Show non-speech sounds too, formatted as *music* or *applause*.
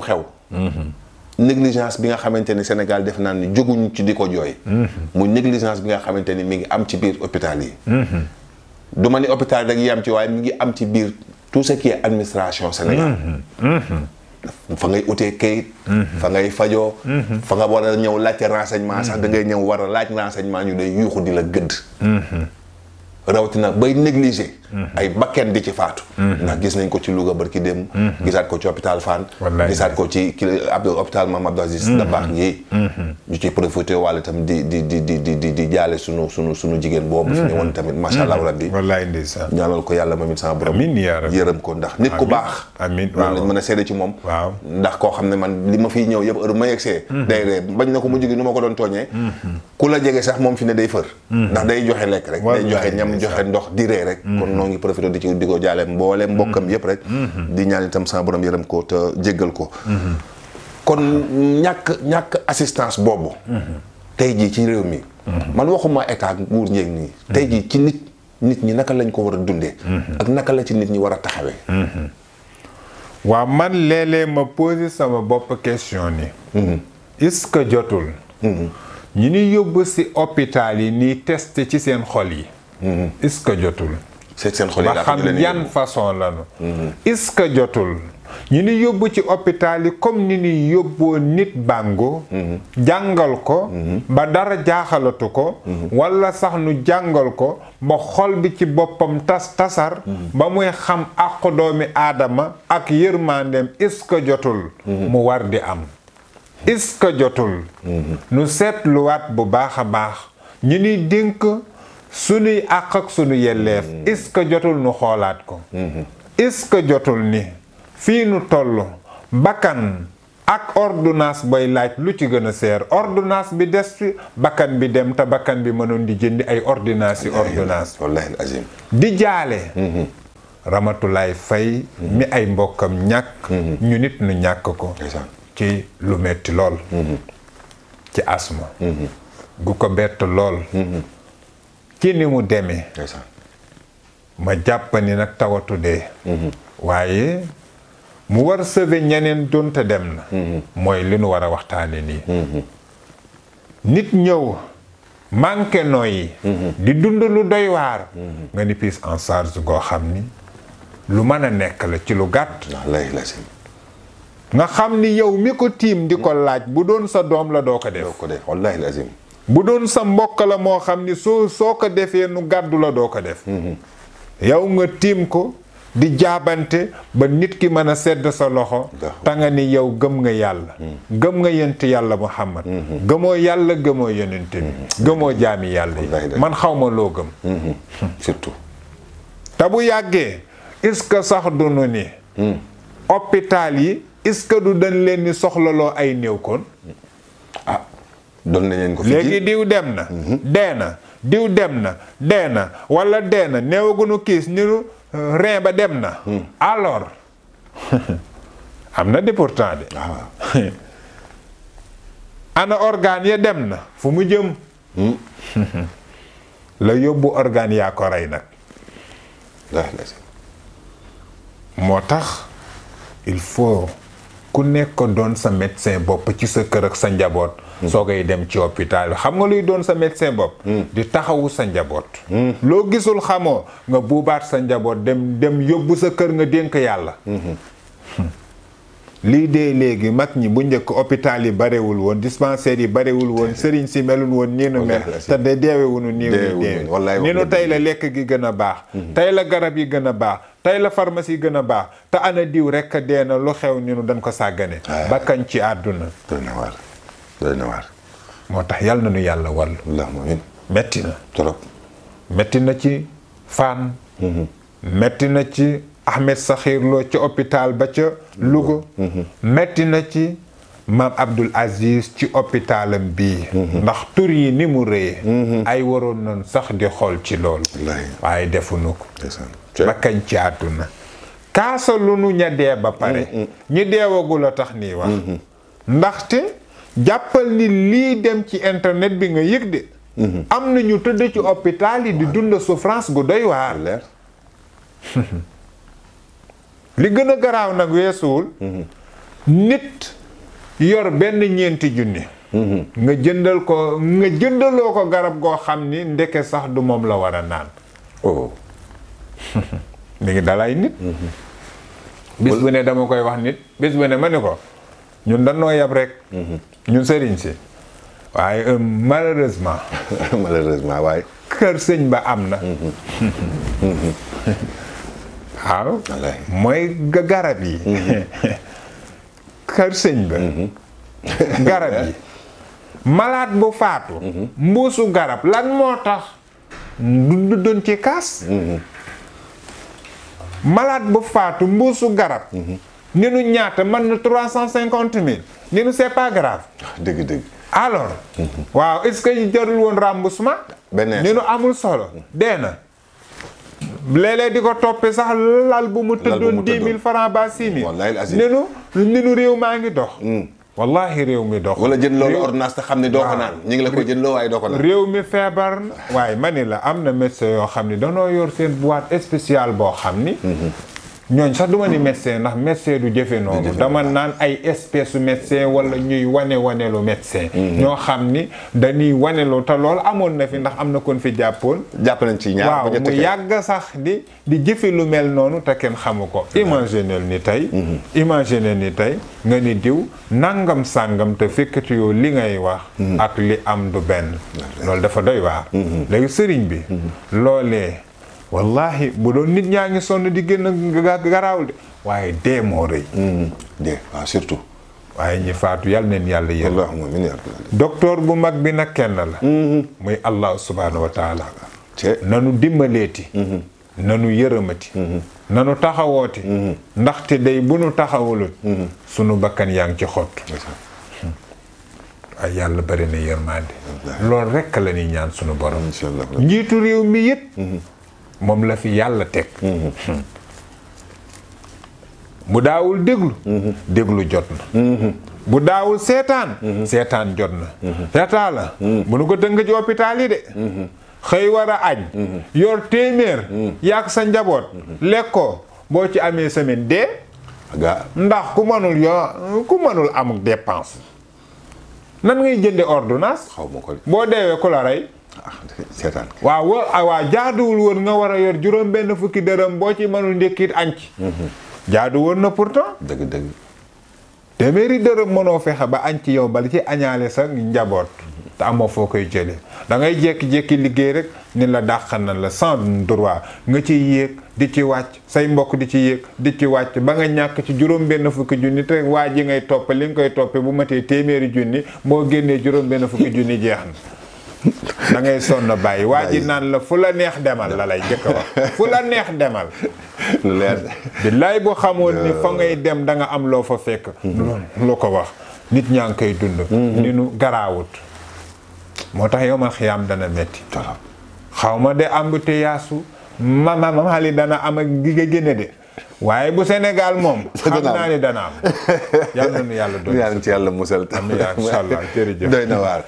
mu xew négligence bi nga xamante ni Sénégal def naan ni jóguñu ci di ko jooy mu négligence bi nga xamante ni mi ngi am ci biir hôpital yi du ma ni hôpital rek yi am ci waaye mi ngi am ci biir tout ce qui est administration Sénégal fa ngay utee kayit fa ngay fajoo fa nga war a ñëw laajte renseignement sax da ngay ñëw war a laaj renseignement ñu day yuuxu di la gëdd rawatina bay négliger ay bakken di ci faatu mhm. ndax gis nañ ko ci Louga barki dem mhm. gisaat ko ci hôpital Fann gisaat ko ci ki hôpital Mame Abdou Aziz mhm. Dabakh yi ñu ci di di di di di di di jaale sunu jigéen boobu fi ñëwoon tamit macha allah rabbi wallaay ndeysaan ñaanal ko yàlla moom it sama borom amiin yaa rabbi yërëm ko ndax nit ku baax amiin a seede ci moom ndax koo xam ne man li ma fiy ñëw yëpp heure ma yegsee day ree bañ na ko mujj gi nu ma ko doon tooñee ku la jege sax moom fi ne day fër ndax day joxe lekk rek day joxe ñam joxe noo ngi profité di ci di ko jaalee mboole mbokkam mm-hmm. yëpp rek mm-hmm. di ñaan tam sama borom yërëm ko te jéggal ko mm-hmm. kon ñàkk ñàkk assistance boobu tey jii ci réew mi man waxuma état nguur ñeeg nii tey ji ci nit nit ñi naka lañ ko war a dundee ak naka la ci nit ñi war a taxawee waaw man léeg ma posé sama bopp question ni est-ce que jotul ñu ñuy yóbbu si hôpital yi nii test ci seen xol yi est-ce que jotul seet seen xol yi ba xam yan façon lanu mm-hmm. est-ce que jotul ñu ni yóbbu ci hôpital yi comme ni ni yóbboo nit bàngo mm-hmm. jàngal ko mm-hmm. ba dara jaaxalatu ko walla sax nu jàngal ko ba xol bi ci boppam tas tasar ba muy xam àqu doomi aadama ak yërmandeem est-ce que jotul mu war di am est-ce que jotul nu seetluwaat bu baax a baax ñu ni dénk sunuy àq ak sunu yelleef hmm. est jotul nu xoolaat ko hmm. est-ce que jotul ni fii nu tollu bakkan ak ordonnance booy laaj lu ci gën a seer ordonnance bi des fi bakkan bi dem te bakkan bi mënoon di jëndi ay ordonnance yi ordonnance di jaale hmm. Ramatulaay Fay mi ay mbokkam ñàkk ñu nit nu ñàkk ko ci lu metti lool ci asma gu ko bett lool ci ni mu demee ma jàpp ni nag tawatu de mhm. waaye mu war sauver ñeneen donte dem na mhm. mooy li nu war a waxtaane nii mhm. nit ñëw manqué nooyi di dund lu doy waar nga ni prise en charge goo xam ni lu mën a nekk la ci lu gàtt nga xam ni yow mi ko tiim di ko laaj bu doon sa doom la doo ko def doo ko def wallaahi bu doon sa mbokk la moo xam ni soo soo ko defee nu gàddu la doo ko def mm-hmm. yow nga tiim ko di jaabante ba nit ki mën a sedd sa loxo ta nga ni yow gëm nga yàlla mm. gëm nga yent yàlla muhammad mm-hmm. gëmoo yàlla gëmoo yonent bi mm-hmm. gëmoo jaami yàlla yi man xaw ma loo gëm *laughs* te bu yàggee est-ce que sax du nu ni mm. hôpital yi est-ce que du dañ leen ni soxlaloo ay néew kon doon nañ ko léegi diw dem na mhm. dee na diw dem na dee na walla dee na néewaguñu kiis ñu euh, rein ba dem na hmm. alors *laughs* am na di pourtant de ah. *laughs* ana organe ya dem na fu mu jëm hmm. *laughs* la yóbbu organe yaa ko rey nag moo tax il faut ku nekk doon sa médecin bopp ci sa kër ak sa njaboot. Hmm. soo koy dem ci hôpital xam nga luy doon sa médecin bopp. Hmm. di taxawu sa njaboot. Hmm. loo gisul xamoo nga buubaat sa njaboot dem dem yóbbu sa kër nga dénk yàlla. lii dee léegi mag ñi bu njëkk hôpital yi barewul woon dispensaire yi barewul woon sëriñ si melul woon nii nu mel te de deewewunu nii nu deewe nu tey la lekk gi gën a baax mhm. tey la garab yi gën a baax tey la pharmacie gën a baax te ana diw rekk dee na lu xew ni nu dañ ko sàggane ah, bakkan ci àdduna moo tax yal na nu yàlla wàllu metti na metti na ci faan mhm. metti na ci Ahmed Sakhir Lo ca hôpital ba ca Louga metti na ci maam Abdoul Aziz ci hôpitalam bii ndax tur yi ni mu rëyee ay waroon nañ sax di xool ci loolu waaye defuñu ko ba kañ ci àdduna kaasa lu nu ña dee ba pare mm, mm. ñi deewagul a tax nii wax mm, ndaxte jàppal ni lii dem ci internet bi nga yëg de am na ñu tëdd ci hôpital yi di dund souffrance gu doy waar *laughs* li gën a garaaw nag weesuwul mhm. nit yor benn ñeenti junni mhm. nga jëndal ko nga jëndaloo ko garab goo xam ni ndeke sax du moom la war a naan oh mi *laughs* dalay nit mhm. bis bu ne dama koy wax nit bis bu ne ma ni ko ñun danoo yab rek ñun sëriñ si waaye euh, malheureusement *laughs* malheureusement waaye kër sëñ ba am na *laughs* waaw mooy garab yi mhm. *laughs* kër sëñ ba mhm. *laughs* garab yi malaat bu faatu mhm. mbuusu garab lan moo tax du doon ci kaas malaat bu faatu mbuusu garab ni nu ñaata man na trois cent cinquante mille ni nu c'est pas grave ah, dëgg dëgg waaw est-ce que jarul woon remboursement ni nu amul solo dee na léeg di ko toppee sax lal bu mu tëddoon dix mille francs ba six mille nenu nenu réew maa ngi dox hmm. wallahi réew mi dox wala jën loolu ordonnance te xam ne doo ko naan ñu ngi la koy jën loo waaye doo ko naan réew mi feebar waaye ma ni la am na médecin yoo xam ne danoo yor bu waat spéciale boo xam ni hmm, hmm. ñooñ sax duma ni médecin ndax médecin du jëfe noonu dama naan ay espèce médecin wala ñuy wane wanelu médecin mhm. ñoo xam ni dañuy wanelu te lool amoon na fi ndax am na kon fi jàppoon jàpp nañ ci ñaar waaw mu yàgg sax di di jëfe lu mel noonu te kenn xamu ko imaginel ni tey mhm. imaginel ni tey nga ni diw nangam sàngam te fekkati yow li ngay wax mhm. ak li am du benn loolu dafa doy waar léegi sëriñ bi loolee wallahi bu doon nit ñaa ngi sonn di génn garaawul de waaye dee moo rëy mm-hmm. dee ah, waaye ñi faatu yal neen yàlla yéen docteur bu mag bi nag kenn la mm-hmm. muy allah subhanahu wa taala nanu dimbaleeti mm-hmm. nanu yërëmati nanu taxawooti ndaxte day bu nu taxawalut sunu bakkan yaa ngi ci xott hmm. ay yàlla bari na yërmaande loolu rekk la ñuy ñaan sunu borom njiitu réew mi yëpp moom la fi yàlla teg bu daawul déglu déglu jot na bu daawul seetaan seetaan jot na seetaan la bu nu ko tënk ci hôpital yi de xëy war a añ yor téeméer yàq sa njaboot lekkoo boo ci amee semaine de ga ndax ku mënul yoo ku mënul amuk dépense nan ngay jënde ordonnance xaw ma ko boo deewee ku la rey seetaan waaw wa ah, waaw jaaduwul woon nga war a yor juróom benn fukki dërëm boo ci mënul ndékkit añ ci mm-hmm. jaadu woon na pourtant dëgg dëgg téeméeri dërëm mënoo fexe ba añ ci yow bala ci añaale sax njaboot mm-hmm. te amoo foo koy jëlee da ngay jékki liggéey rek ni la dàq na la sans droit nga ci yéeg di ci wàcc say mbokk di ci yéeg di ci wàcc ba nga ñàkk ci juróom benn fukki junni te waa ji ngay topp li nga koy toppee bu matee téeméeri junni moo génnee juróom benn fukki jeex na dangay ngay sonn bàyyi waa ji naan la fu la neex demal la lay njëkk wax *laughs* fu la neex demal. lu leer billaay bu xamoon ni fa ngay dem danga am loo fa fekk. Mm-hmm. lu ko wax nit ñaa ngi koy dund. Mm-hmm. ni nu garaawut. moo tax yow ma xiyaam dana metti de embouteillage ma ma ma xali dana am ak gi génne de. waaye bu senegal moom. *laughs* xam naa ne dana nu yàlla doon. yàlla ci yàlla musal. amiin *laughs* doy na waar.